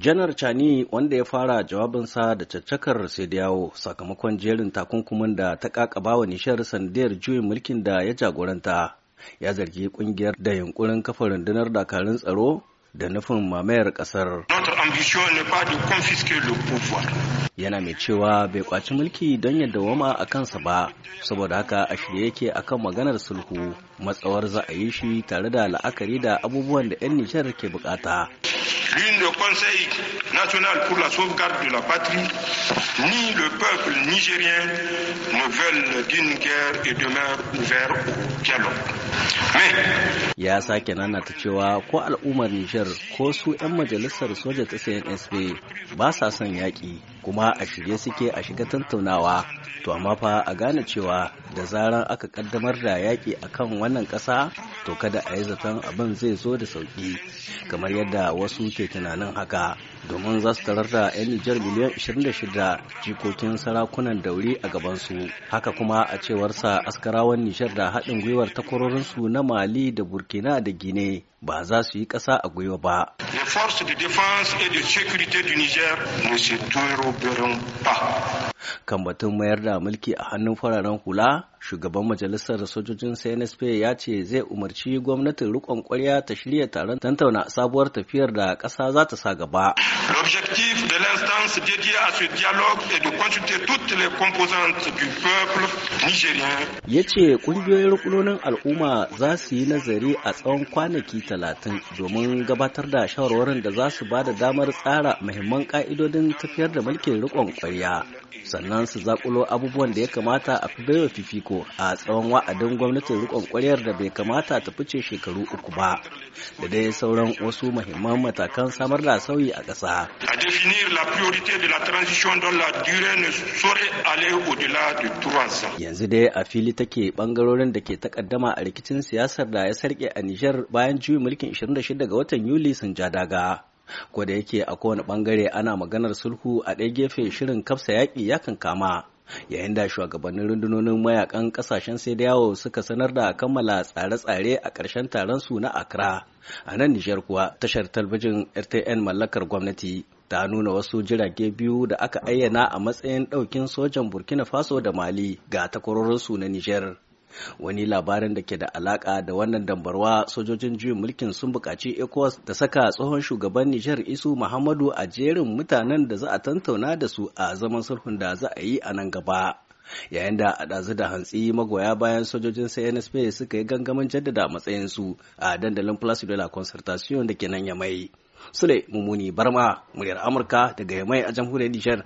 janar cani wanda ya fara jawabinsa da caccakar sai yawo sakamakon jerin takunkumin da ta ƙaƙabawa nishar sandiyar juyin mulkin da ya jagoranta ya zargi kungiyar da yunkurin kafa rundunar dakarun tsaro da nufin mamayar kasar yana mai cewa bai kwaci mulki don ya dawama a kansa ba saboda haka a shirye yake akan maganar sulhu matsawar za a yi shi tare da la'akari da abubuwan da 'yan nishar ke bukata ni le Conseil national pour la sauvegarde de la patrie, ni le peuple nigérien ne veulent d'une guerre et demeurent ouverts au dialogue. ya sake nana ta cewa ko al'ummar Nijar ko su 'yan majalisar soja ta CNSP ba sa son yaƙi kuma a shirye suke a shiga tattaunawa to amma fa a gane cewa da zaran aka kaddamar da yaƙi a kan wannan ƙasa to kada a yi zaton abin zai zo da sauƙi kamar yadda wasu ke tunanin haka domin za su tarar da 'yan nijar miliyan 26 jikokin sarakunan dauri a gabansu haka kuma a cewar sa, askarawan nijar da haɗin gwiwar takwarorinsu na mali da burkina da gine ba za su yi ƙasa a gwiwa ba. The Force, de défense et de sécurité du Niger ne se tuero derrubarão pá. kan batun mayar da mulki a hannun fararen hula shugaban majalisar sojojin cnsp ya ce zai umarci gwamnatin rikon kwarya ta shirya taron tantauna sabuwar tafiyar da ƙasa za ta sa gaba l'objectif de l'instance dédiée à ce dialogue est de consulter toutes les composantes du peuple ya ce ƙungiyoyin rukunonin al'umma za su yi nazari a tsawon kwanaki talatin domin gabatar da shawarwarin da za su ba da damar tsara muhimman ƙa'idodin tafiyar da mulkin rikon kwarya sannan su zakulo abubuwan da ya kamata a fi baiwa fifiko a tsawon wa'adin gwamnatin rikon kwaryar da bai kamata ta fice shekaru uku ba da dai sauran wasu mahimman matakan samar da sauyi a ƙasa. A definir la priorité de la transition dont la durée ne saurait aller au-delà de trois Yanzu dai a fili take bangarorin da ke takaddama a rikicin siyasar da ya sarke a Nijar bayan juyin mulkin 26 ga watan Yuli sun ja daga. ko da yake a kowane bangare ana maganar sulhu a ɗaya gefe shirin kafsa yaƙi ya kankama yayin da shugabannin rundunonin mayakan ƙasashen sai da yawo suka sanar da kammala tsare-tsare a ƙarshen taron su na Accra. A nan Nijar kuwa tashar talbijin RTN mallakar gwamnati ta nuna wasu jirage biyu da aka ayyana a matsayin ɗaukin sojan Burkina Faso da Mali ga takwarorinsu na Nijar. wani labarin da ke da alaka da wannan dambarwa sojojin juyin mulkin sun buƙaci ecowas da saka tsohon shugaban nijar isu muhammadu a jerin mutanen da za a tantauna da su a zaman sulhun da za a yi a nan gaba yayin da a ɗazu da hantsi magoya bayan sojojin cnsp suka yi gangamin jaddada matsayinsu a dandalin place de la concertation da ke nan yamai sule mummuni barma muryar amurka daga yamai a jamhuriyar nijar